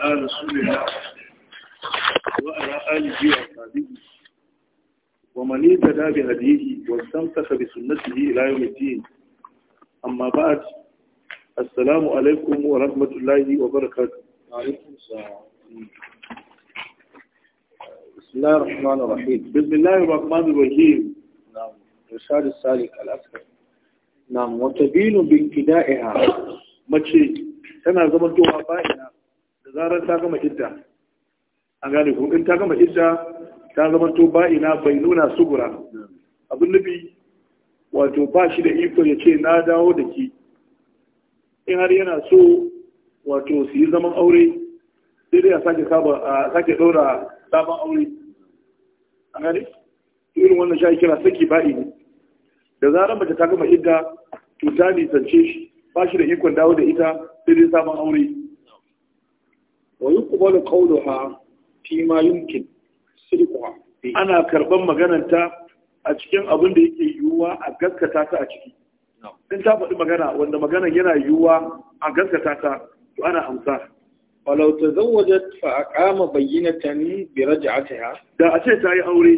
على رسول الله وعلى آله وصحبه ومن اهتدى بهديه واستمسك بسنته إلى يوم الدين أما بعد السلام عليكم ورحمة الله وبركاته وعليكم السلام بسم الله الرحمن الرحيم بسم الله الرحمن الرحيم نعم رشاد السالك الأسكر نعم وتبين بانتدائها mace tana zama towa ba'ina da zarar ta gama idda A gane ko in ta gama idda ta zama to ba ina bai nuna sugura abin nufi wato ba shi da iko ya ce na dawo da ki in har yana so wato su yi zaman aure sai dai a sake a sake ɗora sabon aure an gane irin wannan shi kira saki ba ne da zarar mace ta gama idda to ta nisance shi ba shi da ikon dawo da ita sai dai sabon aure wa yuqbalu qawluha fi ma yumkin ana karban magananta a cikin abin da yake yiwuwa a gaskata ta a ciki in ta faɗi magana wanda magana yana yiwuwa a gaskata ta to ana amsa walau waje fa aqama bayyinatan bi raj'atiha da a ce ta yi aure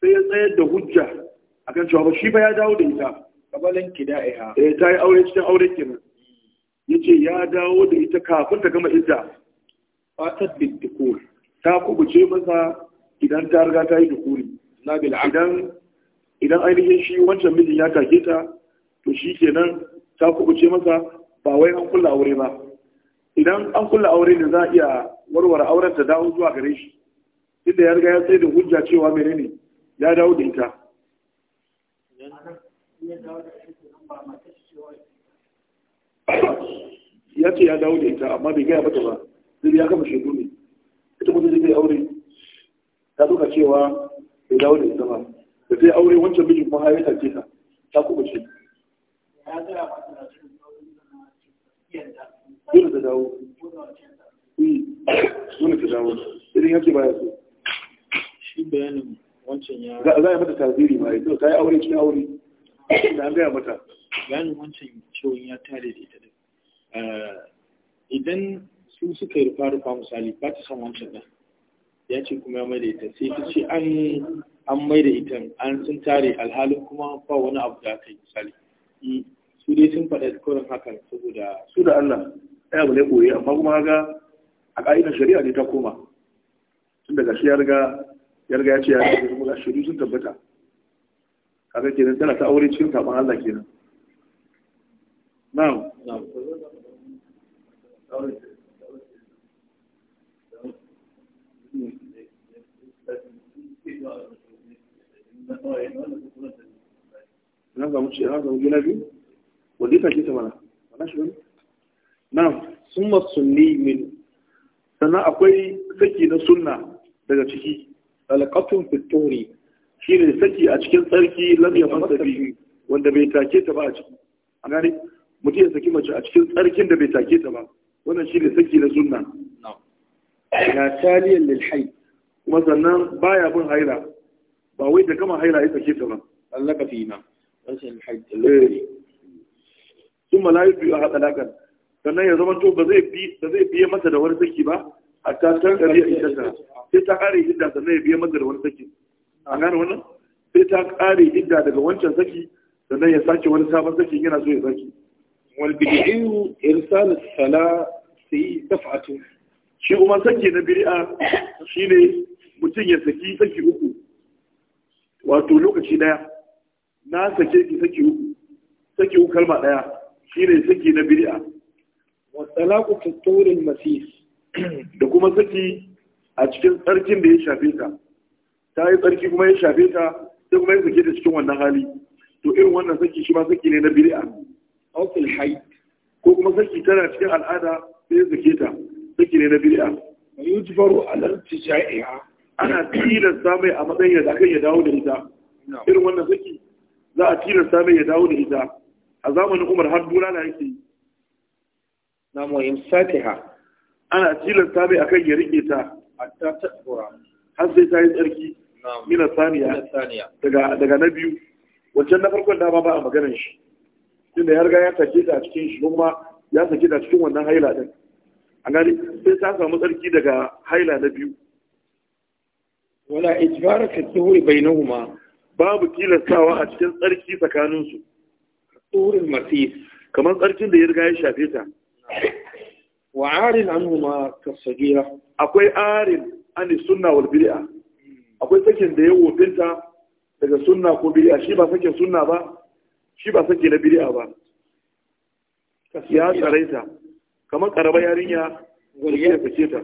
sai ya tsayar da hujja akan cewa shi ba ya dawo da ita kabalan kida'iha eh ta yi aure cikin aure kenan yace ya dawo da ita kafin ta gama idda fatat da dukul ta kubuce masa idan ta riga ta yi dukuri idan idan ainihin shi wancan mijin ya take ta to shi kenan ta kubuce masa ba wai an kulla aure ba idan an kulla aure ne za a iya warware auren ta dawo zuwa gare shi inda ya riga ya sai da hujja cewa menene ya dawo da ita ya ce ya dawo da ita amma bai gaya mata ba zai ya kama shekaru ne ita kuma zai aure ta duka cewa bai dawo da ita ba da zai aure wancan mijin kuma har ta ce ta ta kuma ce dole ta dawo eh, dole ta dawo idan ya ce so shi bayanin wancan ya za a yi mata tasiri ma ya ta yi aure cikin aure da an gaya mata bayanin wancan cewa ya tare da ita da eh, idan su suka yi rufa rufa misali ba ta san wancan ɗan ya ce kuma ya maida ita sai ta ce an an maida ita an sun tare alhalin kuma ba wani abu da aka yi misali hmm, su dai sun faɗa koren hakan saboda su da Allah ɗaya ba ne koyi amma kuma ga a ƙa'idar shari'a ne ta koma tun daga shi ya riga ya riga ya ce ya riga kuma ga shari'u sun tabbata kaga kenan tana ta aure cikin saɓon Allah kenan nan ga mutu yana ga gina biyu wadda ta ce ta mana mana na sun masunni min sannan akwai saki na sunna daga ciki alƙafin fitori shi ne saki a cikin tsarki lamya masabi wanda bai take ta ba a ciki a gane mutum ya saki mace a cikin tsarkin da bai take ta ba wannan shi ne saki na sunna na taliyar lilhai kuma sannan baya bin haira ba wai da kama haira ya sake ta ba Allah fi na rashin haila eh. sun malayu biyu a haɗa lakan sannan ya zama to ba zai biye masa da wani saki ba a tatar ɗari a iddarsa sai ta ƙare idda sannan ya biye masa da wani saki a gane wannan sai ta ƙare idda daga wancan saki sannan ya sake wani sabon saki yana so ya saki wal bid'u irsal salat yi dafa'atu shi kuma sake na shi ne mutum ya saki saki uku wato lokaci daya na sake ki saki uku saki uku kalma daya ne saki na bid'a wa talaqu tuturil masih da kuma saki a cikin tsarkin da ya shafe ta ta yi tsarki kuma ya shafe ta ta kuma ya sake ta cikin wannan hali to irin wannan saki shi ma saki ne na bid'a aw fil hayd ko kuma saki tana cikin al'ada sai sake ta saki ne na bid'a yujbaru ala irtijaiha ana tilasta mai a matsayin da kai ya dawo da ita irin wannan saki za a tilasta mai ya dawo da ita a zamanin Umar har dura na yake na mu imsakiha ana tilasta mai kan ya rike ta hatta tasbura har sai ta yi tsarki mina saniya daga na biyu wancan na farkon dama ba a maganar shi tunda ya riga ya sake ta a cikin shi kuma ya sake ta cikin wannan haila din sai ta samu tsarki daga haila na biyu wala ijbara ka bai nahuma. babu tilastawa a cikin tsarki tsakaninsu tsuhurin masif. kamar tsarkin da ya riga ya shafe ta wa arin anhuma ka sagira akwai arin ani sunna wal bid'a akwai sakin da ya wofinta daga sunna ko bid'a shi ba sakin sunna ba shi ba sake na bid'a ba ya tsaraita kamar karamar yarinya zargi ya sake ta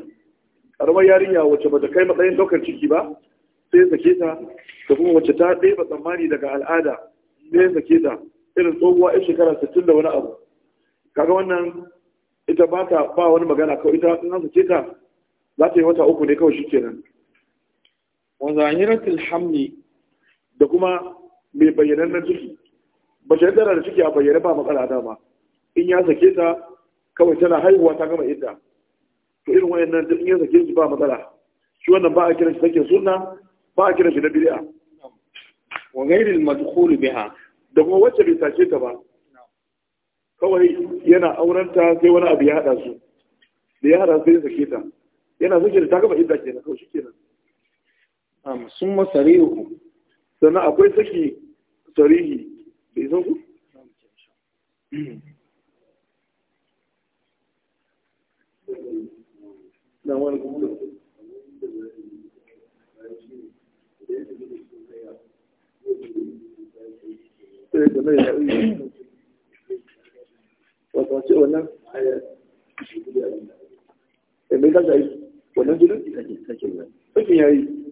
karamar yarinya wacce ba ta kai matsayin daukar ciki ba sai ya sake ta da kuma wacce ta ɗeba tsammani daga al'ada sai ya sake ta irin tsohuwa ya shekara sittin da wani abu kaga wannan ita ba ta ba wani magana kawai ita in an sake ta za ta yi wata uku ne kawai shi shikenan wa zahiratul hamli da kuma mai bayyanannen ciki ba ta da ciki a bayyana ba matsala dama in ya sake ta kawai tana haihuwa ta gama idda to irin wayannan duk in ya sake shi ba matsala shi wannan ba a kiran shi sake sunna ba a kiran shi na bid'a wa ghayr al madkhul biha da kuma wacce bai tace ta ba kawai yana aurenta sai wani abu ya hada su da ya hada sai ya sake ta yana sake da ta gama idda kenan kawai shi kenan am sun masarihu sannan akwai saki sarihi bai zo ku na wani kuma sai da ya yi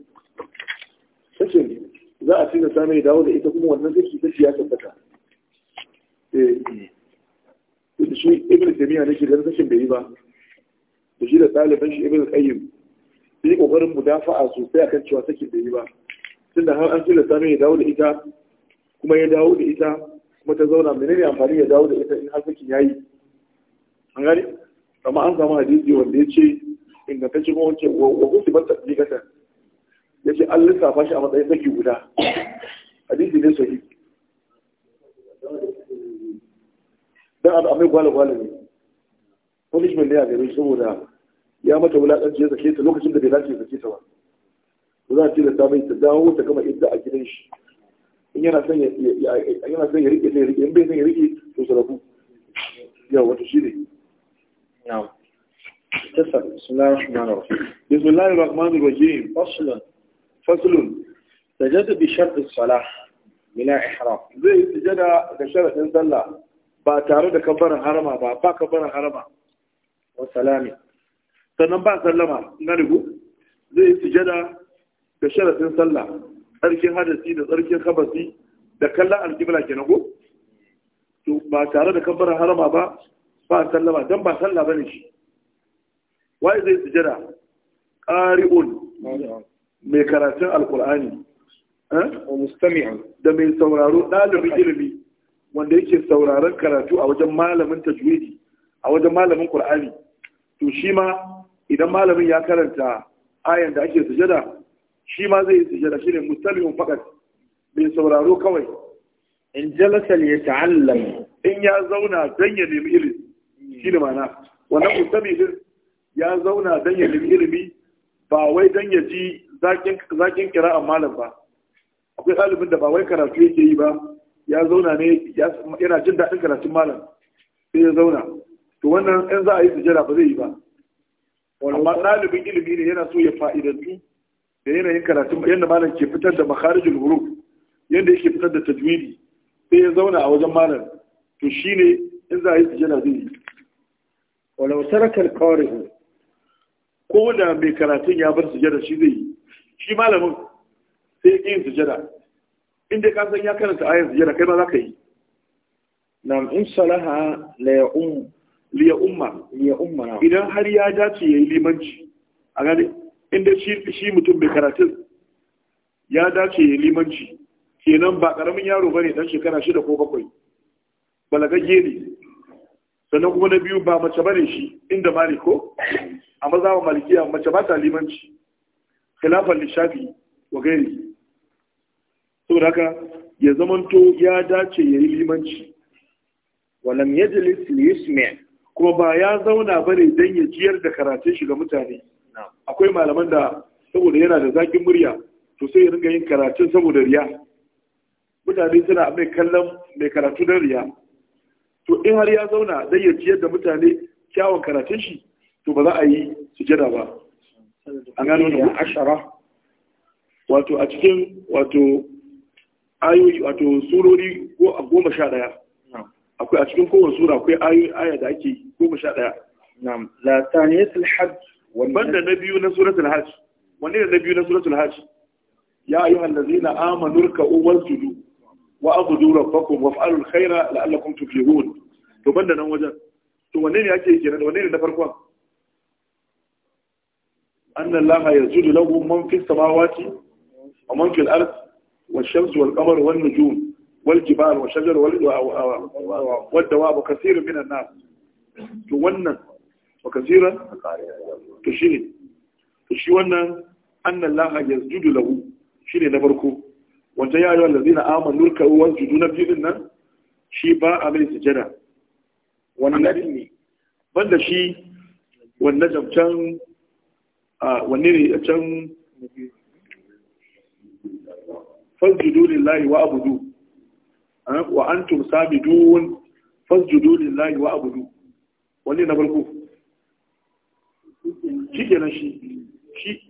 za a tilasta mai dawo da ita kuma wannan saki ta ya tabbata eh, eh. shi ibn taymiya ne da sakin bai yi ba da shi da ɗaliban shi ibn qayyim sun yi kokarin mudafa'a sosai akan cewa sakin da yi ba tunda har an tilasta sami ya dawo da ita kuma ya dawo da ita kuma ta zauna menene amfani ya dawo da ita in har sakin yayi an gani amma an samu hadisi wanda ya ce ingantacce kuma wance wa kusi ban tasbikatan ya ce an lissafa shi a matsayin saki guda hadisi ne sahi dan abu amai gwale-gwale ne punishment ne a gari saboda ya mata wulaƙanci ya sake ta lokacin da bai dace ya sake ta ba ba za a tilasta mai ta dawo ta gama idda a gidan shi in yana son ya rike sai ya rike in bai son ya rike to su rabu yawa wato shi ne na'am تسأل بسم الله الرحمن الرحيم بسم الله الرحمن الرحيم فصل فصل سجد بشرط الصلاة بلا إحرام زي سجد بشرط إن صلى باتارد كبر حرما با كبر حرما وسلامي sannan ba sallama gane ku zai yi sujada da sharafin sallah tsarkin hadasi da tsarkin kabasi da kallon alkibla ke ko to ba tare da kabbarar harama ba ba sallama don ba sallah bane shi wai zai sujada ƙari'un mai karatun alkul'ani eh? da mai sauraro ɗalibin ilimi wanda yake sauraron karatu a wajen malamin tajwidi a wajen malamin qur'ani to shi ma idan malamin ya karanta ayan da ake sujada shi ma zai yi sujada Shi ne mustalihun fakat mai sauraro kawai in jalasa ya ta'allam in ya zauna dan ya nemi ilimi shi ne mana wannan mustalihun ya zauna dan ya nemi ilimi ba wai dan ya ji zakin zakin a malam ba akwai ɗalibin da ba wai karatu yake yi ba ya zauna ne yana jin daɗin karatun malam sai ya zauna to wannan in za a yi sujada ba zai yi ba amma ɗalibin ilimi ne yana so ya fa'idantu da yanayin karatun yadda malam ke fitar da makarijin huruf yadda yake fitar da tajwidi sai ya zauna a wajen malam to shine in za a yi tijjana zai yi walau sarakar kawarihu ko da mai karatun ya bar tijjana shi zai yi shi malamin sai ya yin sujjada in dai ya karanta ayan tijjana kai ma za ka yi na in salaha la liya umma liya umma idan har ya dace yayi limanci a gani inda shi shi mutum bai karatun ya dace yayi limanci kenan ba karamin yaro bane dan shekara shida ko bakwai balagagge ne sannan kuma na biyu ba mace bane shi inda ne ko a maza wa malikiya mace ba ta limanci khilafan lishafi wa gani saboda haka ya zamanto ya dace yayi limanci walam yajlis li yusmi' kuma ba ya zauna ba ne don ya jiyar da karatun shi ga mutane akwai malaman da saboda yana da zakin murya to sai ya ringa yin karatun saboda riya mutane suna mai kallon mai karatu don riya to in har ya zauna don ya jiyar da mutane kyawun karatun shi to ba za a yi sujada ba an gano da ashara wato a cikin wato ayoyi wato surori goma sha ɗaya akwai a cikin kowace sura akwai ayoyi aya da ake goma sha ɗaya na'am la taniyatul hajj wannan da na biyu na suratul hajj wanne da na biyu na suratul hajj ya ayyuhal ladzina amanu ruk'u wasjudu wa abudu rabbakum waf'alul khaira la'allakum tuflihun to banda nan wajen to wanne ne ake kenan wanne ne na farko? anna allaha yajudu lahu man fis samawati wa man fil ard wash-shamsu wal-qamaru wan-nujum والجبال والشجر والدواب وكثير من الناس to wannan wa kasiran to shi ne to shi wannan annan laha ya zudu shi ne na farko wanda ya yi wa lazina aman nurka uwan na biyu nan shi ba a mai sujada wannan ne banda shi wanne ne a can fasjudu lillahi wa abudu wa antum sabidun fasjudu lillahi wa abudu wani na farko shi kenan shi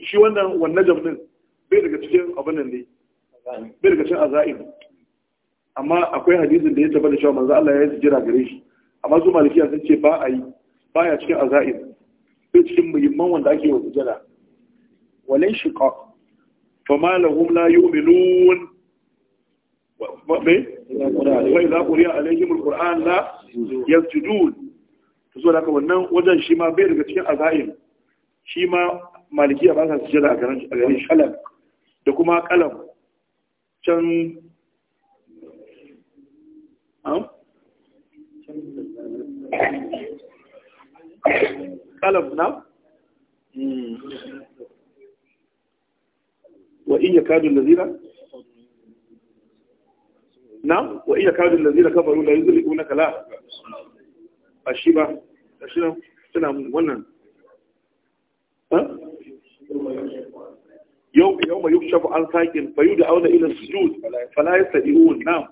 shi wannan wannan jamnin bai daga cikin abin nan ne bai daga cikin azaim amma akwai hadisin da ya tabbata cewa manzo Allah ya yi jira gare shi amma su malikiya sun ce ba a yi baya cikin aza'in. bai cikin muhimman wanda ake wa sujada walai shiqa fama lahum la yu'minun wai za ku riya alaihim alquran la yasjudun to so daga wannan wajen shi ma bai daga cikin azaim shi ma malikiya ba sa sujada a garin a garin shalam da kuma kalam can am kalam na hmm. wa in yakadu allazina نعم وإذا كان الذين كفروا لا يزلقونك لا أشيبا أشيبا سلام ونن يوم يوم يكشف عن ساكن فيدعون إلى السجود فلا يستطيعون نعم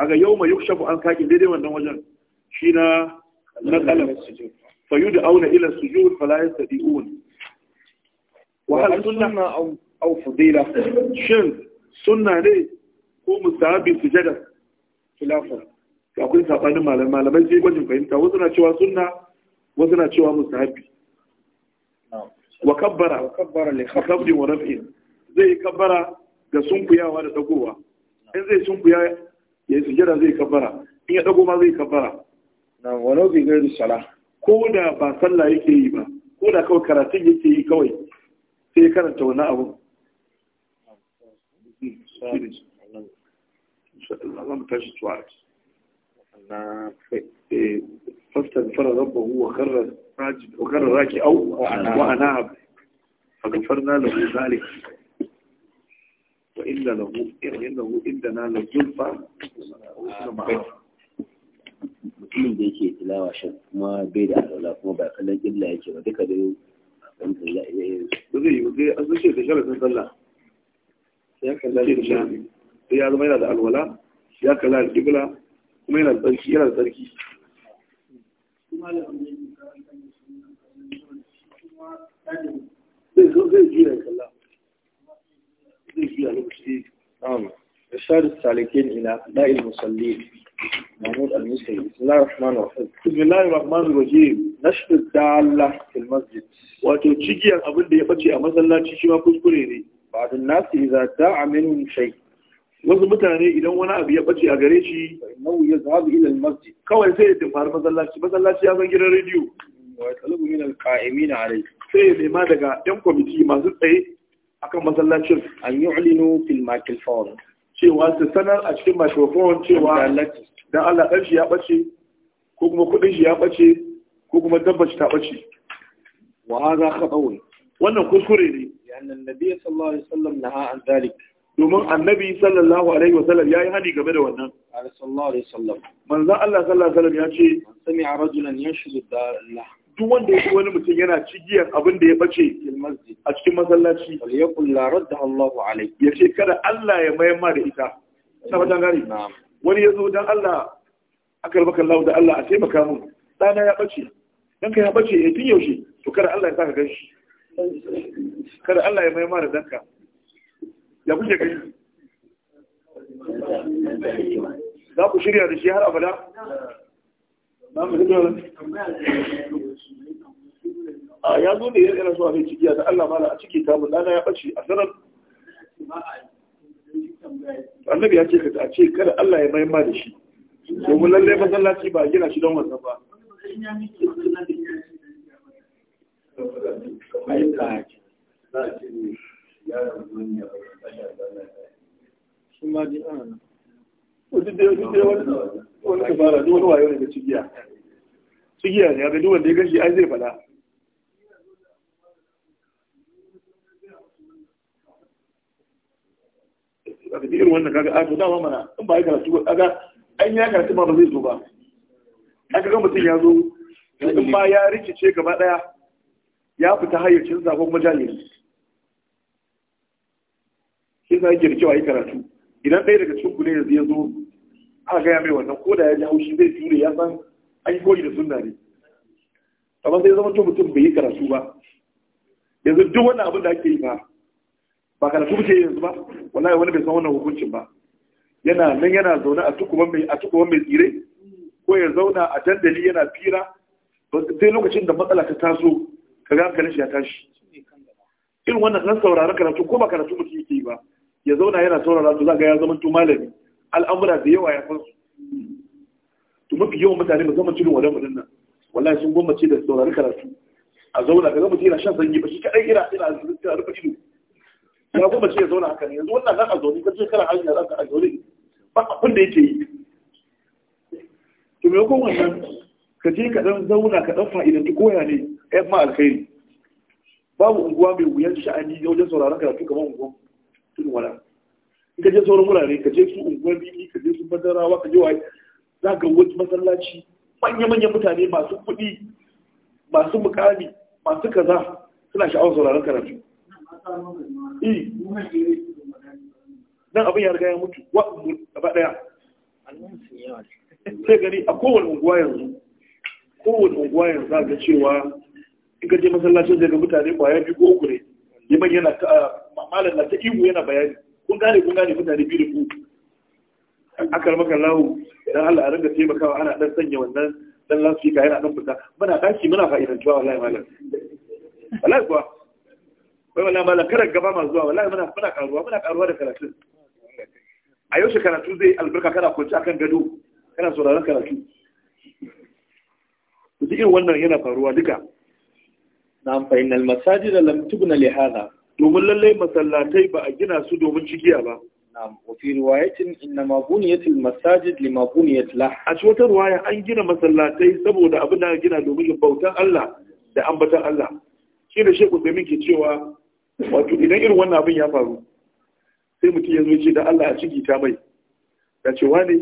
هذا يوم يكشف عن ساكن دي دي من نوجان شينا نقل فيدعون إلى السجود فلا يستطيعون وهل سنة أو أو فضيلة شن سنة ليه ko jada sujada khilafan akwai sabanin malamai malamai sai gwajin fahimta wasu na cewa sunna wasu na cewa musabi wa kabbara wa kabbara li khafdi wa raf'i zai kabbara ga sunkuyawa da dagowa in zai sunkuya ya yi sujada zai kabbara in ya dago ma zai kabbara na wani bi gairi sala ko da ba sallah yake yi ba ko da kawai karatun yake yi kawai sai karanta wani abu za mu tashi tuwa na eh, fastan fara rabba huwa karrar raki au wa ana fagafarna da hu zalik wa inda da hu inda hu inda na da zulfa mutumin da yake tilawa shan kuma bai da alwala kuma ba kallon illa yake ba duka dai wanda ya yi zai yi zai asirce da sharaɗin sallah ya kalla da shi ya zama yana da alwala ya kala alƙibla kuma yana tsarki yana tsarki zai zai zai السالكين إلى أداء المصلين محمود المسلم بسم الله الرحمن الرحيم بسم الله الرحمن الرحيم في المسجد wato cigiyar abin da ya bace a masallaci shi ma kuskure ne ba'd an wasu mutane idan wani abu ya bace a gare shi nau ya zahabu ila masjid kawai sai ya tafi masallaci masallaci ya san gidan rediyo wa yatalabu min alqa'imina alai sai ya nema daga yan kwamiti masu tsaye akan masallacin an yu'linu fil microphone cewa su sanar a cikin microphone cewa dan Allah dan shi ya bace ko kuma kudin shi ya bace ko kuma dabba shi ta bace wa hadha khata'un wannan kuskure ne ya nabi sallallahu alaihi wasallam naha an zalik domin annabi sallallahu alaihi wasallam ya yi hani game da wannan manzan Allah sallallahu alaihi ya ce sami a rajulan ya shigo da Allah duk wanda ya wani mutum yana cigiyar abin da ya bace a cikin masallaci ya kulla radda Allah alaihi ya ce kada Allah ya mayar ma da ita ta fatan gari wani ya zo dan Allah akal baka Allah da Allah a taimaka mun dana ya bace dan ka ya bace eh tun yaushe to kada Allah ya saka ganshi kada Allah ya mayar ma da danka ya kuke kai za ku shirya da shi har abada a ya zo ne su a mai cikiya da Allah mala a ciki ta mun dana ya bace a sanar annabi ya ce ka a ce kada Allah ya maimma da shi domin lallai masallaci ba gina shi don wannan ba Thank you. sun ma wani wani kabara duk wani wayo cigiya ne abin duk wanda ya gashi an zai fada a tafi irin wannan kaga a dama mana in ba ya karatu kaga an ya karatu ba ba zai zo ba aka ga mutum ya zo in ba ya rikice gaba daya ya fita hayyacin ko kuma shi sa yake da kyau a yi karatu idan ɗaya daga cikin kule ya zo a gaya mai wannan ko da ya ji haushi zai ture ya san an yi koyi da sunna ne amma sai zama to mutum bai yi karatu ba yanzu duk wannan abin da ake yi ba ba karatu ba ce yanzu ba wallahi wani bai san wannan hukuncin ba yana nan yana zaune a tukuman mai a tukuman mai tsire ko ya zauna a dandali yana fira sai lokacin da matsala ta taso ka ga hankalin shi ya tashi irin wannan nan saurari karatu ko ba karatu mutum yake yi ba ya zauna yana saurara su zaga ya zama to malami al'amura da yawa ya san su to mafi yawan mutane musamman cikin wadan mudin nan wallahi sun gwammace da saurari karatu a zauna ga mutum yana shan sanyi ba shi kadai ina ina ina rufe ido ya gwammace ya zauna haka ne yanzu wannan nan a zaune kace kana hanya zaka a zaune ba abin da yake yi to me ko wannan ka je ka dan zauna ka dan fa'idanci koya ne ya ma alkhairi babu unguwa mai wuyan sha'ani wajen sauraron karatu kamar unguwa wala in ka je sauran wurare ka je su unguwar bibi ka je su madarawa ka je wa za ga wani masallaci manya manya mutane masu kuɗi masu mukami masu kaza suna sha'awar sauraron karatu eh. nan abin ya riga ya mutu wa gaba daya sai gani a kowane unguwa yanzu kowane unguwa yanzu za ga cewa in ka je masallacin ga mutane kwaya biyu ko uku ne liman yana malam na ta ihu yana bayani kun gane kun gane mutane biyu da ku akal maka lawo idan Allah a ringa taimakawa ana dan sanya wannan dan lasfika yana dan fita muna daki muna fa'idantuwa wallahi malam wallahi kuwa wai wallahi malam kada gaba ma zuwa wallahi muna muna karuwa muna karuwa da karatu a yau karatu zai albarka kana kwanci akan gado kana sauraron karatu duk irin wannan yana faruwa duka na'am fa innal masajid lam tubna li hadha domin lallai masallatai ba a gina su domin cigiya ba na'am wa fi riwayatin innama buniyat al masajid lima buniyat la a cikin wata riwaya an gina masallatai saboda abin da gina domin bautan Allah da ambatan Allah shi da Sheikh Uthaymeen ke cewa wato idan irin wannan abin ya faru sai mutum ya zo ce da Allah a ciki ta mai ya ce "Wani,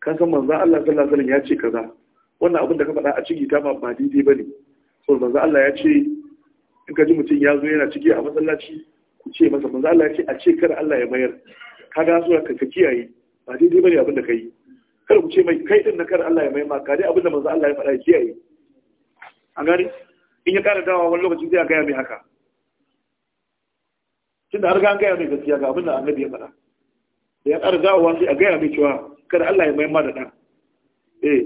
kan san manzon Allah sallallahu alaihi wasallam ya ce kaza wannan abin da ka faɗa a ciki ta ba daidai ba ne." so manzo Allah ya ce in ka ji mutum ya zo yana ciki a matsalaci? ku ce masa manzo Allah ya ce a ce kar Allah ya mayar ka ga zuwa ka kiyaye ba daidai bane abin da kai kar ku ce mai kai din na kar Allah ya mayar ma ka dai abin da manzo Allah ya faɗa kiyaye an gani in ya kara dawowa wani lokaci zai gaya mai haka tunda har ga an gaya mai gaskiya ga abin da annabi ya faɗa da ya kara dawowa sai a gaya mai cewa kar Allah ya mayar ma da ɗan eh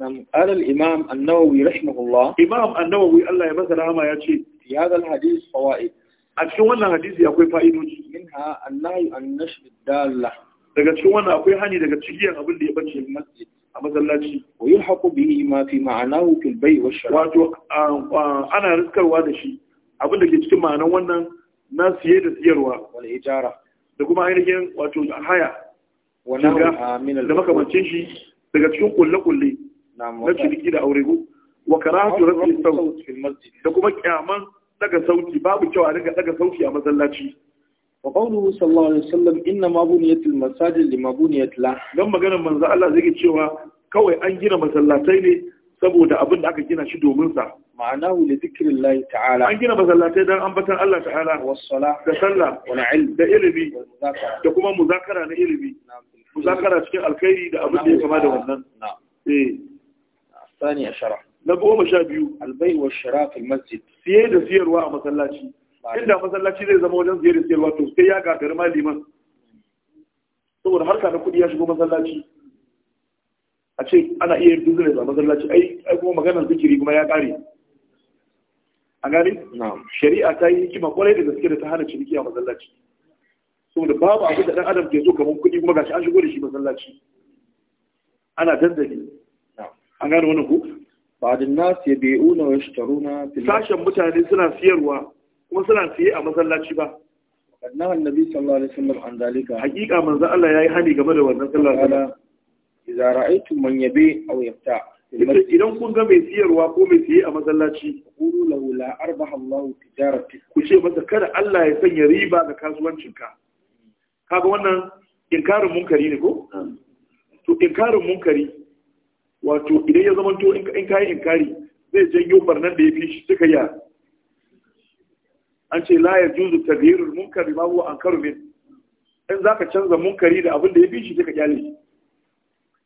نعم قال الإمام النووي رحمه الله إمام النووي الله يمثل هما يأتي في هذا الحديث فوائد أتكون وانا حديث يقول فائدوش منها النهي عن نشر الدالة daga cikin wannan akwai hani daga cikin abin da ya bace masjid a masallaci wa yulhaqu bihi ma fi ma'anahu fil bay' wa shara wato ana riskarwa da shi abin ke cikin ma'anan wannan na siye da siyarwa wal ijara da kuma ainihin wato haya wannan da makamancin shi daga cikin kulle-kulle na ciniki da aure ko wa karahatu rafi sauti da kuma kyaman daga sauti babu kyau a riga daga sauti a masallaci wa qawluhu sallallahu alaihi wasallam inna ma buniyat al masajid lima buniyat la dan magana manzo Allah zai cewa kawai an gina masallatai ne saboda abin da aka gina shi domin sa ma'anahu li zikrillah ta'ala an gina masallatai dan ambatan Allah ta'ala was sala da sallah wa ilm da ilimi da kuma muzakara na ilimi muzakara cikin alkhairi da abin da ya kama da wannan eh ثاني عشر نقوم شابيو البيع والشراء في المسجد سيادة سيادة واء مسلاتي inda masallaci zai zama wajen سيادة siyarwa to sai ya gagari ma liman saboda harka na kuɗi ya shigo masallaci a ce ana iya yin business a masallaci ai kuma maganar zikiri kuma ya ƙare a gani shari'a ta yi hikima kwarai da a masallaci saboda babu abin da ɗan adam ke so kamar kuɗi kuma gashi an shigo da shi masallaci ana dandali an gano wannan ku ba'adin nas yabi'una wa yashtaruna sashen mutane suna siyarwa kuma suna siye a masallaci ba annabi annabi sallallahu alaihi wasallam an zalika hakika manzo Allah yayi hani game da wannan sallallahu alaihi wasallam idza ra'aytum man yabi aw yafta idan kun ga mai siyarwa ko mai siye a masallaci qulu lahu la arbaha Allah tijarati ku ce masa kada Allah ya sanya riba ga kasuwancinka kaga wannan inkarin munkari ne ko to inkarin munkari wato idan ya zama to in kayi kari zai janyo barnan da ya fi shi suka yi an ce la juzu tabirul munkari ma huwa karu min in za ka canza munkari da abin da ya fi shi suka kyale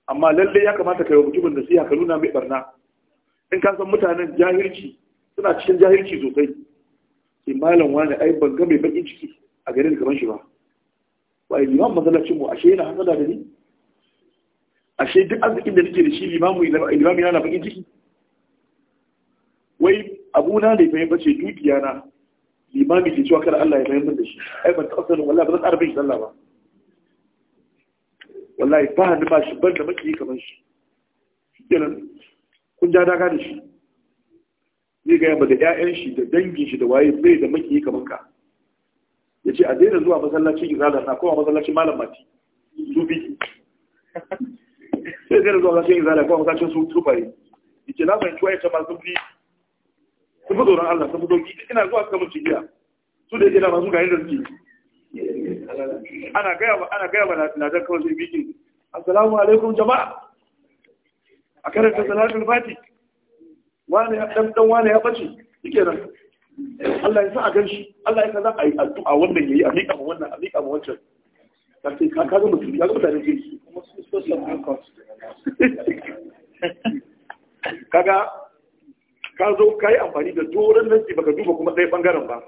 amma lalle ya kamata ka wa mutumin nasiha ka nuna mai barna in ka san mutanen jahilci suna cikin jahilci sosai sai malam wani ai ban ga mai bakin ciki a garin kamar shi ba ba imam masallacin mu ashe yana hasada da ni ashe duk arzikin da nake da shi limamu limami na bakin ciki wai abuna ne fahimta ce dukiya na limami ke cewa kada Allah ya fahimta da shi ai ban taɓa sanin wallahi ba zan ƙara bin sallah ba wallahi ba ni ba shi ban da maki kamar shi kenan kun ja daga da shi zai ga yamma da 'ya'yan shi da dangin shi da waye zai da maki kamar ka ya ce a daina zuwa masallacin izala na kowa masallacin malam mati zubi sai zai zuwa sashen izala ko sashen su tufare yace na fahimci wayar ma sun fi sun fi tsoron Allah sun fi doki ina zuwa suka mun cikiya su da yake da masu gayin da suke ana gaya ana gaya ba na da kawai sai bikin assalamu alaikum jama'a a karanta salatul fati wani ya dan wani ya bace yake nan Allah ya sa a shi. Allah ya sa za a yi addu'a wannan ya yi a miƙa ma wannan a miƙa ma wancan ka ce ka ga mutum ya ga mutane ke kuma su so samu kaga ka zo ka yi amfani da doron nan ba ka duba kuma ɗaya ɓangaren ba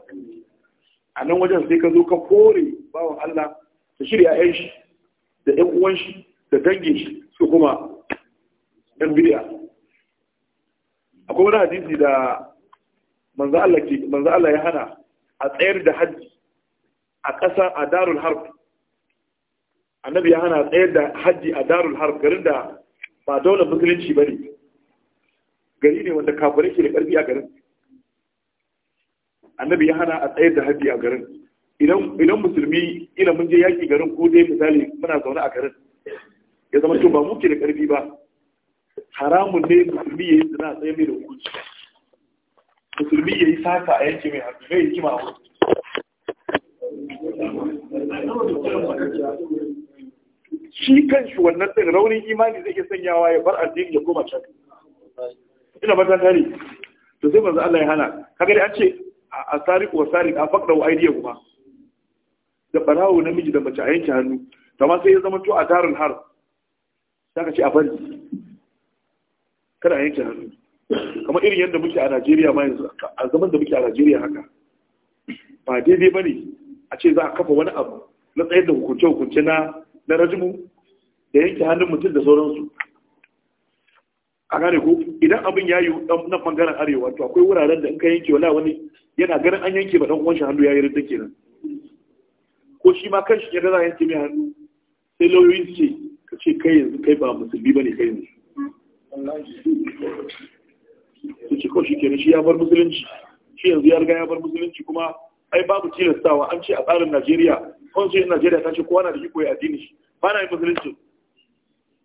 a nan wajen sai ka zo ka kore bawan Allah da shirya ƴan shi da ƴan uwan shi da dangin shi su kuma ƴan bidiya akwai wani hadisi da manzo Allah ya hana a tsayar da hajji a ƙasa a darul harb annabi ya hana tsayar da hajji a darul harb garin da ba daular musulunci ba ne gari ne wanda kafirai ke da ƙarfi a garin annabi ya hana a tsayar da hajji a garin idan musulmi ina mun je yaƙi garin ko dai misali muna zaune a garin ya zama to ba mu ke da ƙarfi ba haramun ne musulmi ya yi zina tsaye mai da hukunci musulmi ya yi sata a yanke mai hannu mai hikima a wuri. shi kan shi wannan ɗin raunin imani zai ke sanyawa ya bar addini ya koma can ina ba ta tare to sai manzo Allah ya hana kaga dai an ce a sariq wa sariq a faqda wa aidiya kuma da barawo namiji da mace a yanke hannu ma sai ya zama to a tarin har ka ce a bari kada a yanke hannu kamar irin yadda muke a Najeriya ma yanzu a zaman da muke a Najeriya haka ba daidai ne. a ce za a kafa wani abu na tsayar da hukunce-hukunce na na rajimu da yanke hannun mutum da sauransu a gane ko idan abin ya yi na bangaren arewa to akwai wuraren da in ka yanke wala wani yana ganin an yanke ba dan uwan shi hannu ya yi rinta kenan ko shi ma kan shi ya gaza yanke mai hannu sai lauyoyi ce ka ce kai yanzu kai ba musulmi ba ne kai yanzu su ce kawai shi kenan shi ya bar musulunci shi yanzu ya riga ya bar musulunci kuma ai babu tilastawa an ce a tsarin Najeriya kawai ce Najeriya ta ce kowa na da iko ya addini shi ba na yi musulunci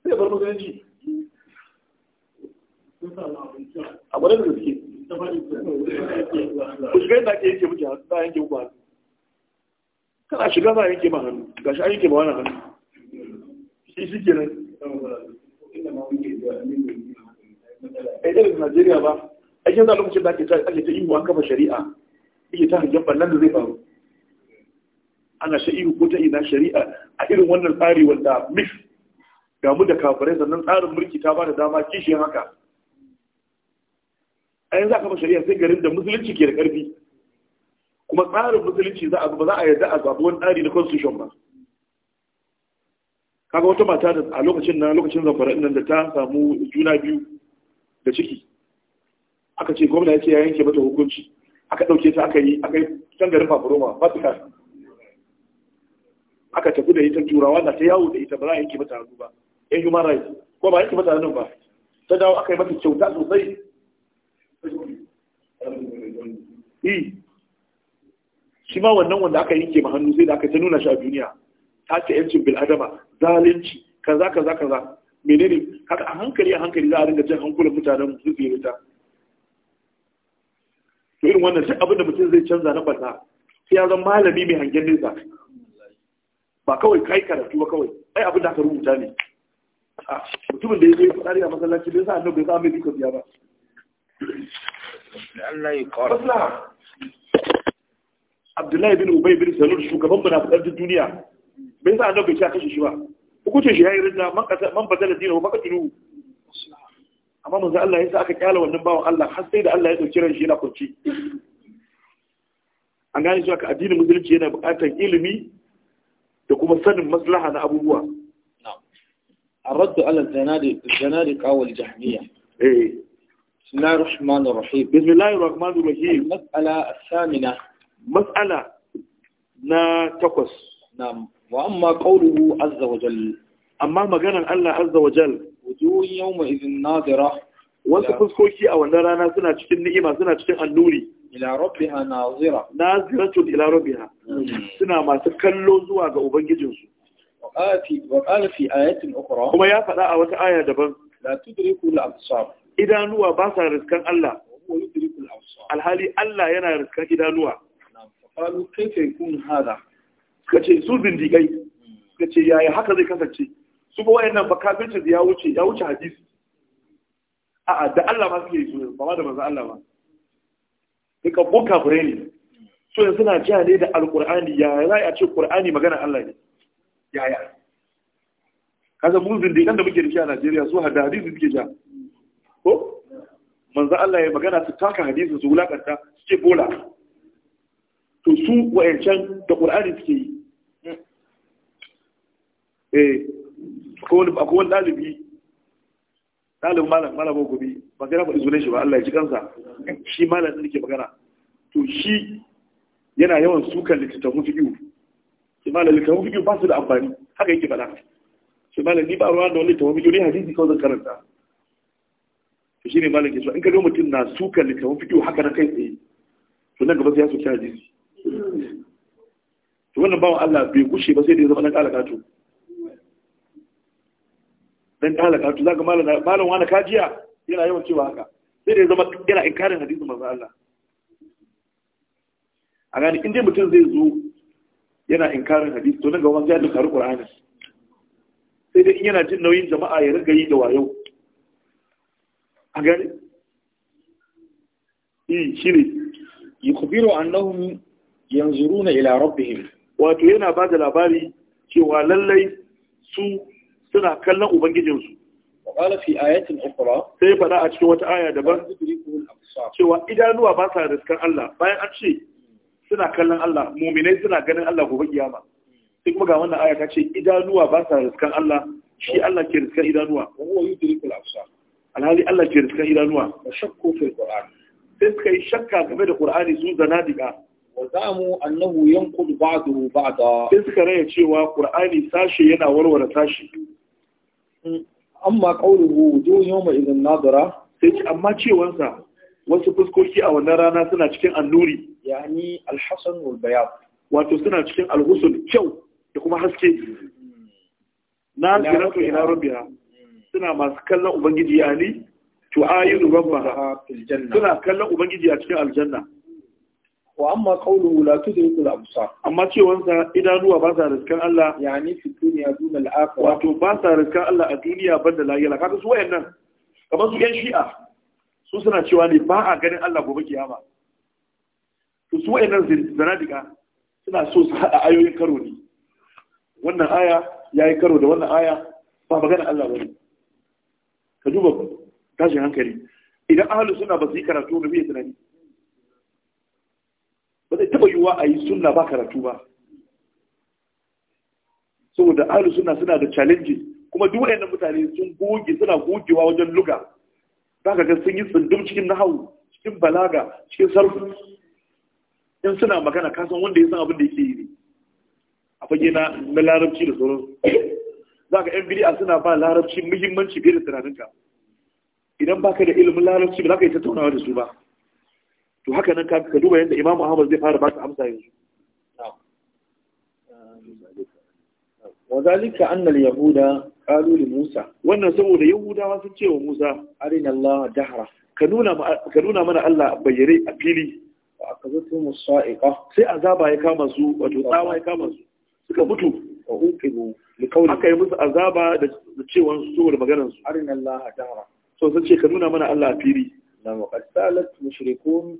sai bar musulunci a wani da suke kusurka shiga yadda ake yake muke hannu yanke muku hannu kana shiga za a yanke ma hannu ga shi an yanke ma wani hannu shi shi kenan ai irin Najeriya ba ai za a lokacin da ake ta ihu an kafa shari'a ake ta hangen bannan da zai faru ana sha'iru ko ta ina shari'a a irin wannan tsari wanda mif gamu da kafirai sannan tsarin mulki ta ba da dama kishin haka a yanzu aka shari'a sai garin da musulunci ke da karfi kuma tsarin musulunci za a ba za a yarda a zaɓi wani tsari na constitution ba kaga wata mata da a lokacin na lokacin zamfara nan da ta samu juna biyu da ciki aka ce gwamna ya ce ya yanke mata hukunci aka ɗauke ta aka yi aka yi can garin fafuroma ba su aka tafi da ita turawa na ta yawo da ita ba za a yanke mata hannu ba yan eh, human rights ko ba yanke mata hannun ba ta dawo aka yi mata kyauta sosai eh. shi ma wannan wanda aka yanke ma hannu sai da aka ta nuna shi a duniya ta ce yancin bil'adama zalunci kaza kaza kaza menene haka a hankali a hankali za a ringa jan hankulan mutanen su tsere ta to irin wannan duk abin da mutum zai canza na ɓata. sai ya zama malami mai hangen nesa ba kawai kai karatu ba kawai ai abin da aka rubuta ne ah, mutumin da ya zai ya a masallaci bai sa annabi bai sa mai duka biya ba Abdullahi bin Ubay bin Salul shugaban munafiqan duniya bai sa annabi ya kashe shi ba hukuncin shi yayi rinna man kata man badala dinu maka amma manzo Allah ya sa aka kyala wannan bawan Allah har sai da Allah ya dauki ran shi yana kunci an gane cewa addinin musulunci yana bukatar ilimi da kuma sanin maslaha na abubuwa. A raddu ala zanari kawal jahmiya. Eh. Bismillahir Rahmanir Rahim. Mas'ala as-samina. Mas'ala na takwas. Na'am. Wa amma qawluhu azza Amma maganar Allah azza wa jalla. Wujuhun yawma idhin Wasu fuskoki a wannan rana suna cikin ni'ima suna cikin annuri. ila rabbiha nazira naziratun ila rabbiha hmm. suna masu kallo zuwa ga ubangijinsu waqati waqala fi ayatin ukhra kuma ya fada a wata aya daban la tudriku al-absar idanuwa ba sa riskan Allah alhali Allah yana riskan idanuwa qalu kayfa yakun hada kace su bindigai hmm. kace yaya haka zai kasance su ba wayannan ba kafirci ya wuce ya wuce hadisi a'a da Allah ba su yi su ba da manzo Allah ba rikabbun kafirai ne so yanzu na jiya ne da alkur'ani ya za a ce kur'ani magana Allah ne yaya kaga mun zindigan da muke da shi a Najeriya su hada hadisi suke ja ko manzo Allah ya magana su taka hadisi su wulakanta su ce bola to su wayancan da qur'ani suke yi eh ko wani ɗalibi ɗalibin malam malam gobe ba sai na faɗi shi ba Allah ya ji kansa shi malam ɗin ke magana to shi yana yawan sukan littattafan fiƙiyu shi malam littattafan fiƙiyu ba su da amfani haka yake faɗa shi malam ni ba ruwa da wani littattafan fiƙiyu ne hadisi kawai zan karanta to shi ne malam ke so in ka ga mutum na sukan littattafan fiƙiyu haka na kai tsaye to nan gaba sai ya soki hadisi to wannan bawan Allah bai gushe ba sai da ya zama na ƙala kato dan kala halaka to zaka malam malam wani kajiya yana yawan cewa haka sai dai zama yana inkarin hadisin manzo Allah a gani in dai mutum zai zo yana inkarin hadisi to nan ga wani zai karu Qur'ani sai dai in yana jin nauyin jama'a ya riga yi da wayo a gani eh shine yukhbiru annahum yanzuruna ila rabbihim wato yana ba da labari cewa lallai su suna kallon ubangijinsu وقال في آية أخرى sai fada a cikin wata aya daban cewa idanuwa ba sa riskan Allah bayan an ce suna kallon Allah muminai suna ganin Allah gobe kiyama sai kuma ga wannan aya ta ce idanuwa ba sa riskan Allah shi Allah ke riskan idanuwa huwa alhali Allah ke riskan idanuwa shakku fil qur'an sai suka yi shakka game da qur'ani su zanadiga wa za'amu annahu yanqud ba'dahu ba'da sai suka raya cewa qur'ani sashe yana warware sashe amma qawluhu wujuhun yawma idhin nadira sai ce amma cewansa wasu fuskoki a wannan rana suna cikin annuri ya alhasan alhassan bayad wato suna cikin alhussun kyau da kuma haske na ziratu ina rubiya suna masu kallon ubangiji yani tu'ayidu ba suna kallon ubangiji a cikin aljanna wa amma qawluhu la tudrikul absar amma cewa sa idanuwa ba sa riskan Allah yani fi dunya dun al-akhirah wato ba sa riskan Allah a duniya da lahira kaga su wayannan kamar su yan shi'a su suna cewa ne ba a ganin Allah gobe kiyama to su wayannan zanadika suna so su hada ayoyin karo ne wannan aya yayi karo da wannan aya ba magana Allah bane ka duba tashin hankali idan ahlus sunna ba su yi karatu ne bai tunani zai taɓa yiwuwa a yi suna ba karatu ba saboda ahlu suna suna da challenge kuma duk waɗannan mutane sun goge suna gogewa wajen luga za ka ga sun yi tsundum cikin nahawu cikin balaga cikin sarfu in suna magana kasan wanda ya san abin da yake yi ne a fage na na larabci da sauran za ka yan bidi'a suna ba larabci muhimmanci fiye da tunaninka idan ka da ilimin larabci ba za ka yi tattaunawa da su ba to haka nan ka duba yadda imam Muhammad zai fara baka amsa yanzu wa zalika anna yahuda qalu li musa wannan saboda yahudawa sun ce wa musa arina allah dahra ka nuna ka nuna mana allah bayyare a fili wa akazatu musaiqa sai azaba ya kama su wato tsawa ya kama su suka mutu wa uqibu li qawli aka yi musu azaba da cewa su saboda maganar su arina allah dahra so sun ce ka nuna mana allah a fili lam qasalat mushrikun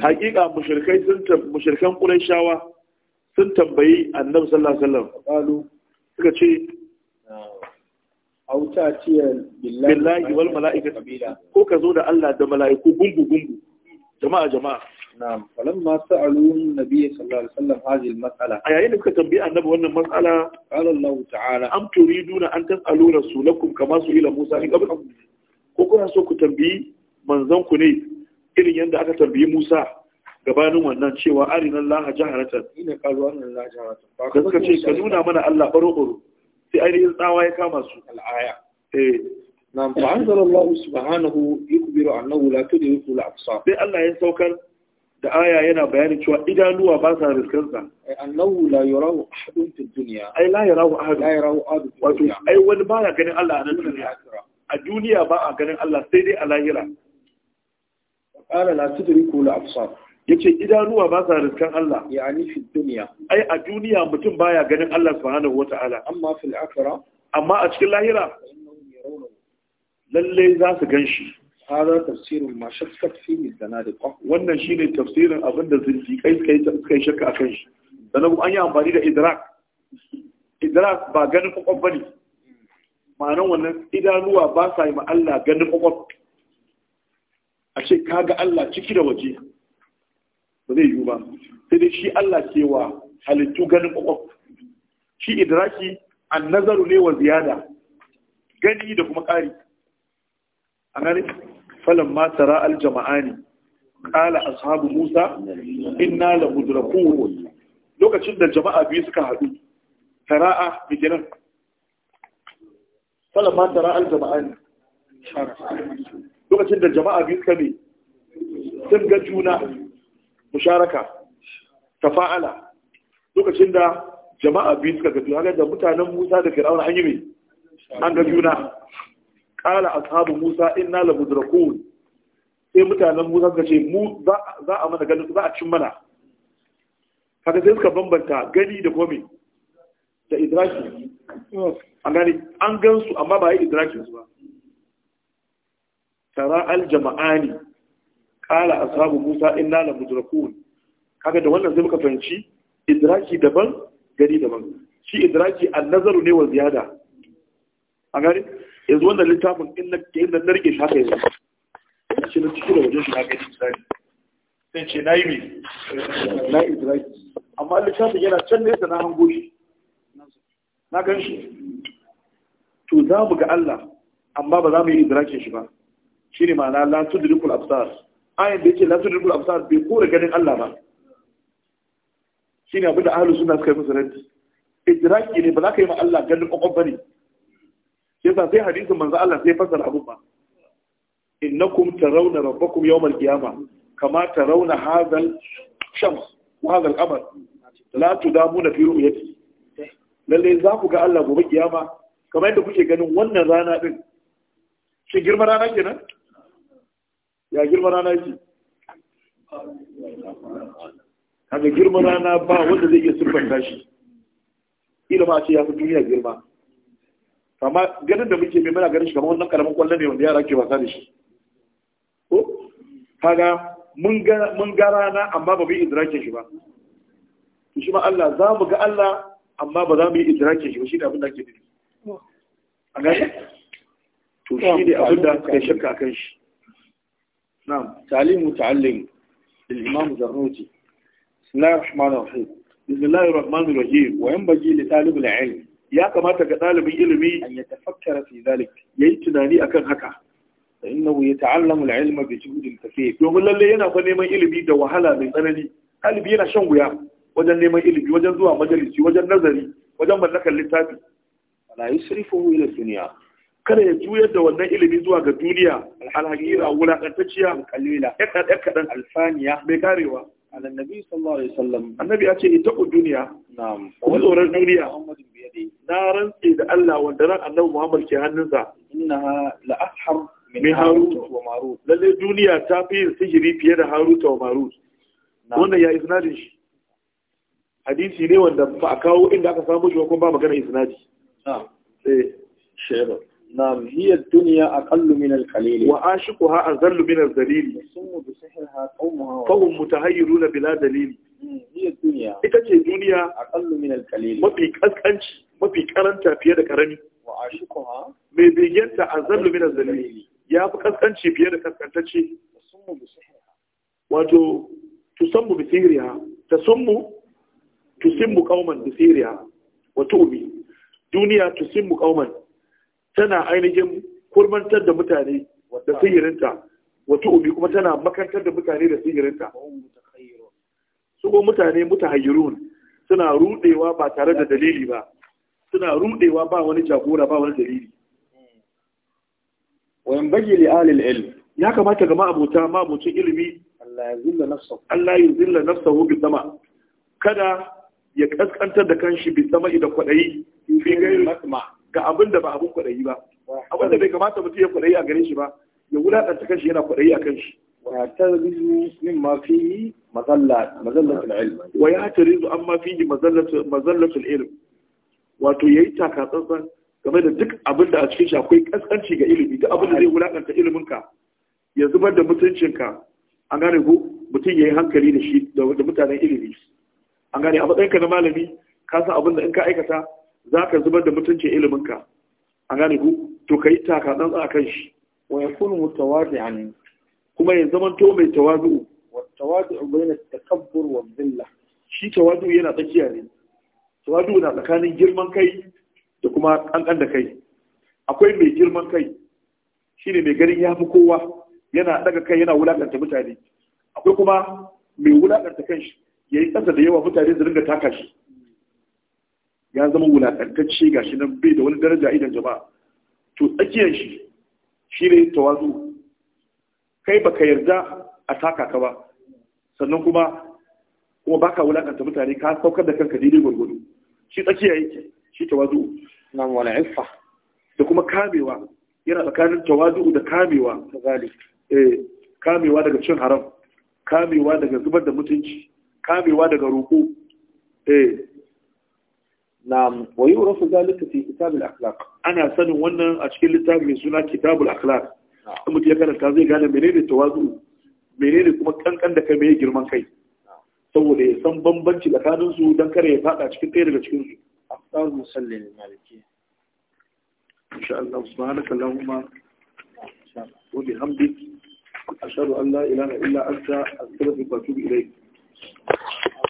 hakika mushrikai sun mushrikan qurayshawa sun tambayi annabi sallallahu alaihi wasallam suka ce auta tiyar billahi wal mala'ikati ko ka zo da Allah da mala'iku gungu gungu jama'a jama'a na'am falamma sa'alu nabiy sallallahu alaihi wasallam hadhihi al-mas'ala ayayin da kuka tambayi annabi wannan mas'ala qala Allah ta'ala am turiduna an tas'alu rasulakum kama su'ila Musa in qabla ko kuna so ku tambayi manzon ku ne irin yadda aka tambayi Musa gabanin wannan cewa arinan laha jaharatan ina kalu arinan laha jaharatan ka suka ce ka nuna mana Allah baro baro sai ainihin tsawa ya kama su al'aya eh nam fa anzala Allah subhanahu yukbiru annahu la tudriku al-absar sai Allah ya saukar da aya yana bayani cewa idanuwa ba sa riskar sa annahu la yarahu ahadun fi dunya ai la yarahu ahadun la yarahu ahadun wato ai wani ba ya ganin Allah a nan duniya a duniya ba a ganin Allah sai dai a lahira qala la tudriku al Ya ce idanuwa ba sa riskan Allah yani fi dunya ai a duniya mutum baya ganin Allah subhanahu wataala amma fil akhirah amma a cikin lahira lalle za su ganshi hada tafsirin ma shakkat fi zanadiqa wannan shine tafsirin abinda zindiqai kai kai shakka akan shi sanan an yi amfani da idrak idrak ba ganin kwakwab bane hmm. ma'anar wannan idanuwa ba sa yi ma Allah ganin kwakwab a ce ka ga Allah ciki da waje ba zai yiwu ba sai dai shi Allah ke wa halittu ganin kwakwaf shi idraki an nazaru ne wa ziyada gani da kuma ƙari a gani falon matara aljama'ani ƙala ashabu musa inna la mudraku lokacin da jama'a biyu suka haɗu tara'a bikinan falon matara ne. lokacin da jama'a biyu suka sun ga juna musharaka fa'ala lokacin da jama'a biyu suka ga juna da mutanen Musa da Firaun an yi mai an ga juna a ashabu Musa inna la mudrakun sai mutanen Musa suka ce mu za a mana ganin za a cin mana Haka sai suka bambanta gani da komai da idraki an gani an gansu amma ba yi idrakin su ba tara aljama'ani qala ashabu musa inna la mudrakun kaga da wannan zai muka fahimci idraki daban gari daban shi idraki annazaru ne wa ziyada a gari yanzu wannan littafin inna inna narke shi haka yanzu shi na cikin wajen shi haka yanzu sai sai ce nayi me na idraki amma littafin yana can nesa na hango shi na gan shi to za mu ga Allah amma ba za mu yi idrakin shi ba shine ma'ana la tudrikul absar ayin da yake la tudrikul absar bai kore ganin Allah ba shine abin da ahlus sunna suka yi masa raddi idraki ne ba za ka yi ma Allah ganin ba ne. Ya sa sai hadisin manzo Allah sai fasara abun ba innakum tarawna rabbakum yawmal qiyamah kama tarawna hadhal shams wa hadhal qamar la tudamuna fi ru'yati lalle za ku ga Allah gobe kiyama kamar yadda kuke ganin wannan rana din shi girman rana kenan ya girma rana yake kaga girma rana ba wanda zai iya siffanta shi ila ma ce ya fi duniya girma amma ganin da muke mai muna ganin shi kamar wannan karamin kwallo ne wanda yara ke wasa da shi ko kaga mun ga mun rana amma ba mu yi idrakin shi ba to shi ma Allah za mu ga Allah amma ba za mu yi idrakin shi ba shi ne abin da ake nufi a gani to shi ne abin da ka shakka kan shi نعم تعليم متعلم للإمام الزرنوجي بسم الله الرحمن الرحيم بسم الله الرحمن الرحيم وينبغي لطالب العلم يا كما كطالب علمي أن يتفكر في ذلك يجتناني أكن هكا فإنه يتعلم العلم بجهود كثير يوم لله ينا فنيما علمي ده وهلا من أنني قلبي ينا شنويا wajen neman ilimi wajen zuwa majalisi wajen nazari wajen mallakar littafi wala yusrifuhu ila dunya kada ya juyar da wannan ilimi zuwa ga duniya alhakira wulaƙantacciya kalila ya kaɗan kaɗan alfaniya mai karewa annabi sallallahu alaihi wasallam annabi ya ce ita duniya na'am wa tsoron duniya na rantsi da Allah wanda ran annabi Muhammad ke hannunsa inna la ahar min harut wa marut lalle duniya ta fi yin sihiri fiye da harut wa marut wannan ya isnadin shi hadisi ne wanda ba a kawo inda aka samu shi ko ba magana isnadi na'am sai eh. shehu نعم a الدنيا أقل من القليل وعاشقها أذل من الذليل ثم بسحرها قومها فهم متهيرون بلا دليل هي الدنيا ita ce duniya aqallu min al-qalil mafi kaskanci mafi karanta fiye da karami wa ashiquha mai bigenta azallu min al-zalil ya fi kaskanci fiye da kaskantacce summu bi sihriha wato tusammu bi sihriha tasummu tusimmu qauman bi sihriha wa tu'mi duniya tusimmu qauman tana ainihin kurmantar da mutane da sihirinta wata ubi kuma tana makantar da mutane da sihirinta su ko mutane mutahayyirun suna rudewa ba tare da dalili ba suna rudewa ba wani jagora ba wani dalili wayan bagi li alil ilm ya kamata ga ma'abuta ma'abucin ilimi Allah ya zilla nafsahu Allah ya zilla nafsahu bi sama kada ya kaskantar da kanshi bi sama da kwadayi fi gairi ga abin da ba abin kwaɗayi ba abin da bai kamata mutum ya kwaɗayi a gare shi ba ya wulaƙanta kanshi yana kwaɗayi a kanshi ويعترض مما فيه مظلة مظلة العلم ويعترض أما فيه yi mazallatul العلم wato yayi takatsantsan game da duk abin da a cikin shi akwai kaskanci ga ilimi duk abin da zai wulakanta iliminka ya zubar da mutuncinka an gane ko mutum ya yi hankali da shi da mutanen ilimi an gane a matsayinka na malami ka san abin da in ka aikata za ka zubar da mutuncin iliminka a gane ku to ka yi takaɗan a kan shi wa ya kunu mutawazi ne kuma ya zama to mai tawazu wa tawazu bayna takabbur wa zilla shi tawazu yana tsakiya ne tawazu na tsakanin girman kai da kuma kankan da kai akwai mai girman kai Shi ne mai ganin ya fi kowa yana daga kai yana wulakanta mutane akwai kuma mai wulakanta kanshi yi kasa da yawa mutane su ringa taka shi ya zama wulaƙantacce ga shi nan bai da wani daraja idan jama'a to tsakiyar shi shi ne tawazu kai baka yarda a taka ka ba sannan kuma kuma baka wulaƙanta mutane ka saukar da kanka daidai gwargwado shi tsakiya yake shi tawazu nan wala iffa da kuma kamewa yana tsakanin tawazu da kamewa eh kamewa daga cin haram kamewa daga zubar da mutunci kamewa daga roƙo eh Na'am, wa yi wurin fuzar littafi kitabul akhlaq. Ana sanin wannan a cikin littafi mai suna kitabul akhlaq. In mutum ya karanta zai gane menene tawazu, menene kuma kankan da kai mai girman kai. Saboda ya san bambanci tsakanin su dan kare ya fada cikin ɗaya daga cikin su. Afsar musallin maliki. Insha Allah, subhanaka Allahumma. Wa bihamdik. Ashhadu an la ilaha illa anta astaghfiruka wa atubu ilayk.